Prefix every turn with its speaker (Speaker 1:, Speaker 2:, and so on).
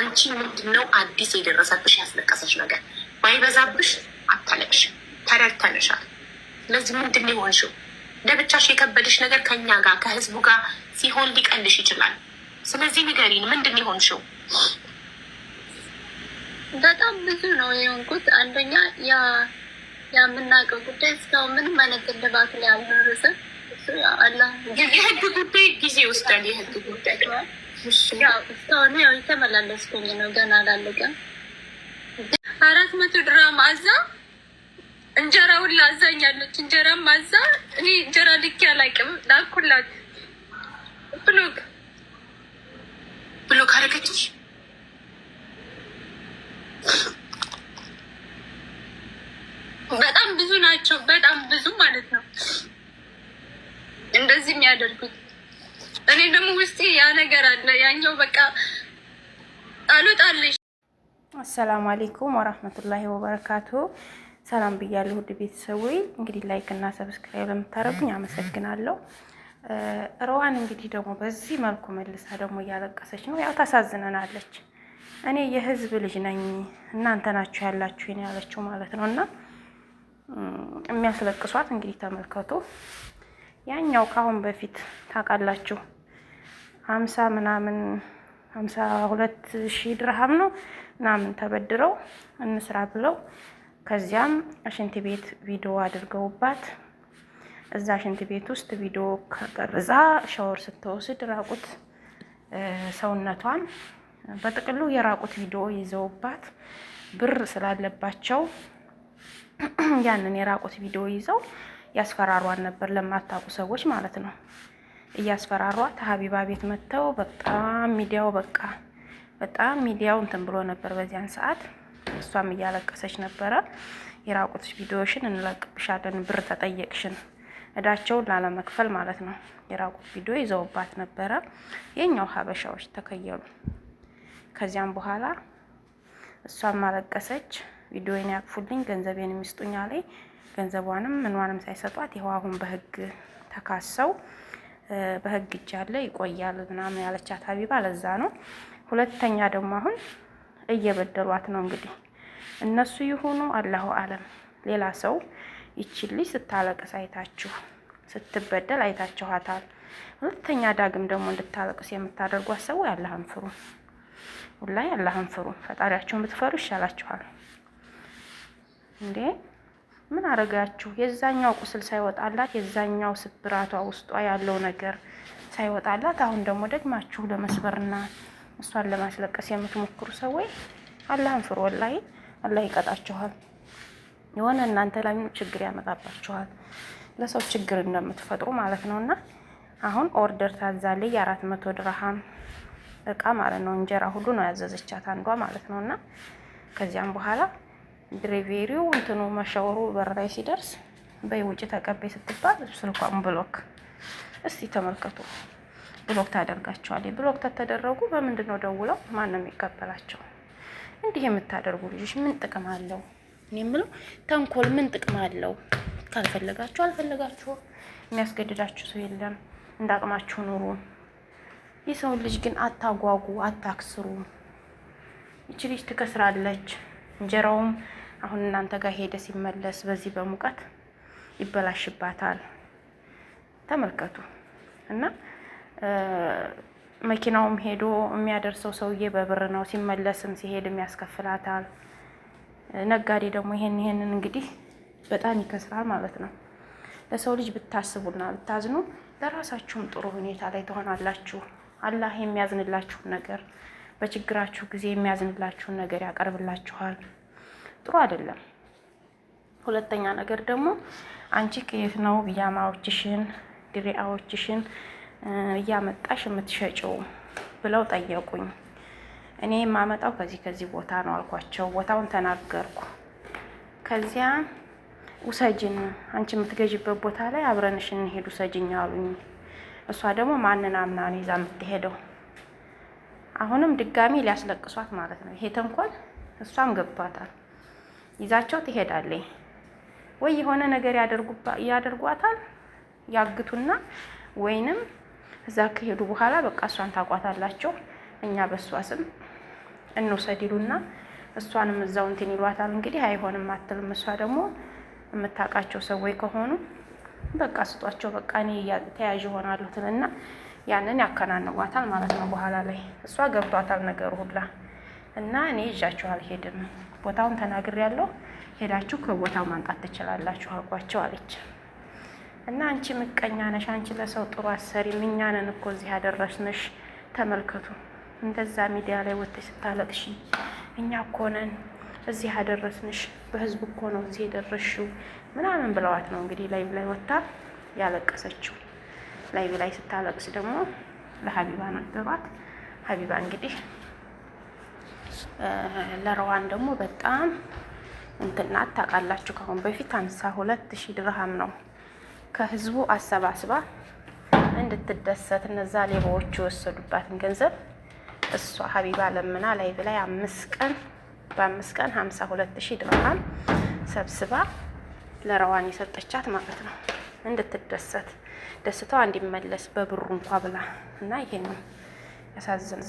Speaker 1: አንቺ ምንድነው አዲስ የደረሰብሽ ያስለቀሰች ነገር? ባይበዛብሽ አታለቅሽ፣ ተረድተንሻል። ስለዚህ ምንድን ነው የሆንሽው? ለብቻሽ የከበደሽ ነገር ከኛ ጋር ከህዝቡ ጋር ሲሆን ሊቀልሽ ይችላል። ስለዚህ ንገሪን፣ ምንድን ነው የሆንሽው?
Speaker 2: በጣም ብዙ ነው የሆንኩት። አንደኛ የምናውቀው ጉዳይ እስካሁን ምንም አይነት እልባት ላይ አልደረሰም። አላ
Speaker 1: የህግ ጉዳይ ጊዜ ይወስዳል። የህግ ጉዳይ
Speaker 2: እስካሁን ያው ነው። ገና አላለቀም። አራት መቶ ድራም አዛ እንጀራ ሁላ አዛኛለች። እንጀራም አዛ እኔ እንጀራ ልኬ አላውቅም። ላኩላት ብሎክ ብሎክ በጣም ብዙ ናቸው። በጣም ብዙ ማለት ነው እንደዚህ የሚያደርጉት እኔ ደግሞ ውስጤ ያ ነገር አለ። ያኛው በቃ
Speaker 3: አሉጣለሽ። አሰላሙ አሌይኩም ወራህመቱላሂ ወበረካቱ። ሰላም ብያለሁ ውድ ቤተሰቦች። እንግዲህ ላይክ እና ሰብስክራይብ ለምታደርጉኝ አመሰግናለሁ። ሮዋን እንግዲህ ደግሞ በዚህ መልኩ መልሳ ደግሞ እያለቀሰች ነው። ያው ታሳዝነናለች። እኔ የህዝብ ልጅ ነኝ እናንተ ናችሁ ያላችሁ ነው ያለችው ማለት ነው። እና የሚያስለቅሷት እንግዲህ ተመልከቱ። ያኛው ከአሁን በፊት ታውቃላችሁ ሀምሳ ምናምን ሀምሳ ሁለት ሺህ ድርሃም ነው ምናምን ተበድረው እንስራ ብለው ከዚያም ሽንት ቤት ቪዲዮ አድርገውባት እዛ ሽንት ቤት ውስጥ ቪዲዮ ከቀርዛ ሻወር ስትወስድ ራቁት ሰውነቷን በጥቅሉ የራቁት ቪዲዮ ይዘውባት ብር ስላለባቸው ያንን የራቁት ቪዲዮ ይዘው ያስፈራሯን ነበር፣ ለማታውቁ ሰዎች ማለት ነው። እያስፈራሯት ሀቢባ ቤት መጥተው በጣም ሚዲያው በቃ በጣም ሚዲያው እንትን ብሎ ነበር በዚያን ሰዓት። እሷም እያለቀሰች ነበረ። የራቁትሽ ቪዲዮሽን እንለቅብሻለን ብር ተጠየቅሽን እዳቸውን ላለመክፈል ማለት ነው። የራቁት ቪዲዮ ይዘውባት ነበረ። የኛው ሀበሻዎች ተከየሉ። ከዚያም በኋላ እሷም አለቀሰች። ቪዲዮን ያቅፉልኝ፣ ገንዘቤን የሚስጡኝ አለኝ። ገንዘቧንም ምንዋንም ሳይሰጧት ይኸው አሁን በህግ ተካሰው በህግ እጅ አለ ይቆያል ምናምን ያለቻት ሀቢባ ለዛ ነው። ሁለተኛ ደግሞ አሁን እየበደሏት ነው እንግዲህ እነሱ ይሁኑ አላሁ አለም። ሌላ ሰው ይቺን ልጅ ስታለቅስ አይታችሁ ስትበደል አይታችኋታል። ሁለተኛ ዳግም ደግሞ እንድታለቅስ የምታደርጓት ሰው አላህን ፍሩ፣ ወላሂ አላህን ፍሩ። ፈጣሪያችሁን ብትፈሩ ይሻላችኋል እንዴ ምን አረጋችሁ? የዛኛው ቁስል ሳይወጣላት የዛኛው ስብራቷ ውስጧ ያለው ነገር ሳይወጣላት አሁን ደግሞ ደግማችሁ ለመስበርና እሷን ለማስለቀስ የምትሞክሩ ሰዎች አላህን ፍሩ። ወላሂ አላህ ይቀጣችኋል። የሆነ እናንተ ላይ ችግር ያመጣባችኋል። ለሰው ችግር እንደምትፈጥሩ ማለት ነው። እና አሁን ኦርደር ታዛለች የአራት መቶ ድርሃም እቃ ማለት ነው። እንጀራ ሁሉ ነው ያዘዘቻት አንዷ ማለት ነው። እና ከዚያም በኋላ ድሬቬሪው እንትኑ መሻወሩ በር ላይ ሲደርስ በይ ውጭ ተቀቤ ስትባል ስልኳን ብሎክ። እስቲ ተመልከቱ፣ ብሎክ ታደርጋቸዋል። ብሎክ ተተደረጉ በምንድን ነው ደውለው ማን ነው የሚቀበላቸው? እንዲህ የምታደርጉ ልጆች ምን ጥቅም አለው? እኔ የምለው ተንኮል ምን ጥቅም አለው? ካልፈለጋችሁ አልፈለጋችሁ የሚያስገድዳችሁ ሰው የለም። እንዳቅማችሁ ኑሩ። የሰውን ልጅ ግን አታጓጉ፣ አታክስሩ። ይች ልጅ ትከስራለች እንጀራውም አሁን እናንተ ጋር ሄደ ሲመለስ በዚህ በሙቀት ይበላሽባታል። ተመልከቱ እና መኪናውም ሄዶ የሚያደርሰው ሰውዬ በብር ነው። ሲመለስም ሲሄድም ያስከፍላታል። ነጋዴ ደግሞ ይሄን ይሄንን እንግዲህ በጣም ይከስራል ማለት ነው። ለሰው ልጅ ብታስቡና ብታዝኑ ለራሳችሁም ጥሩ ሁኔታ ላይ ትሆናላችሁ። አላህ የሚያዝንላችሁን ነገር በችግራችሁ ጊዜ የሚያዝንላችሁን ነገር ያቀርብላችኋል። ጥሩ አይደለም። ሁለተኛ ነገር ደግሞ አንቺ ከየት ነው ብያማዎችሽን ድሪያዎችሽን እያመጣሽ የምትሸጭው ብለው ጠየቁኝ። እኔ የማመጣው ከዚህ ከዚህ ቦታ ነው አልኳቸው። ቦታውን ተናገርኩ። ከዚያ ውሰጅን፣ አንቺ የምትገዥበት ቦታ ላይ አብረንሽ እንሄድ ውሰጅኝ አሉኝ። እሷ ደግሞ ማንን አምና ነው ይዛ የምትሄደው? አሁንም ድጋሚ ሊያስለቅሷት ማለት ነው። ይሄ ተንኮል እሷም ገብቷታል። ይዛቸው ትሄዳለች። ወይ የሆነ ነገር ያደርጓታል፣ ያግቱና ወይንም እዛ ከሄዱ በኋላ በቃ እሷን ታቋታላቸው እኛ በእሷ ስም እንውሰድ ይሉና እሷንም እዛው እንትን ይሏታል። እንግዲህ አይሆንም አትልም። እሷ ደግሞ የምታውቃቸው ሰዎች ከሆኑ በቃ ስጧቸው፣ በቃ እኔ ተያዥ ይሆናሉትን ያንን ያከናንቧታል ማለት ነው። በኋላ ላይ እሷ ገብቷታል ነገሩ ሁላ እና እኔ ይዣችሁ አልሄድም፣ ቦታውን ተናግሬያለሁ፣ ሄዳችሁ ከቦታው ማምጣት ትችላላችሁ አልኳቸው አለች። እና አንቺ ምቀኛ ነሽ፣ አንቺ ለሰው ጥሩ አሰሪም፣ እኛ ነን እኮ እዚህ ያደረስንሽ። ተመልከቱ፣ እንደዛ ሚዲያ ላይ ወጥተሽ ስታለቅሽ እኛ እኮ ነን እዚህ ያደረስንሽ፣ በህዝቡ እኮ ነው እዚህ የደረስሽው ምናምን ብለዋት ነው እንግዲህ ላይቭ ላይ ወጥታ ያለቀሰችው። ላይቭ ላይ ስታለቅስ ደግሞ ለሀቢባ ነገሯት። ሀቢባ እንግዲህ ለረዋን ደግሞ በጣም እንትና ታውቃላችሁ። ከአሁን በፊት ሀምሳ ሁለት ሺህ ድርሃም ነው ከህዝቡ አሰባስባ እንድትደሰት እነዛ ሌባዎቹ የወሰዱባትን ገንዘብ እሷ ሀቢባ ለምና ላይ ብላይ አምስት ቀን በአምስት ቀን ሀምሳ ሁለት ሺህ ድርሃም ሰብስባ ለረዋን የሰጠቻት ማለት ነው እንድትደሰት ደስታዋ እንዲመለስ በብሩ እንኳ ብላ እና ይሄ ነው ያሳዝን።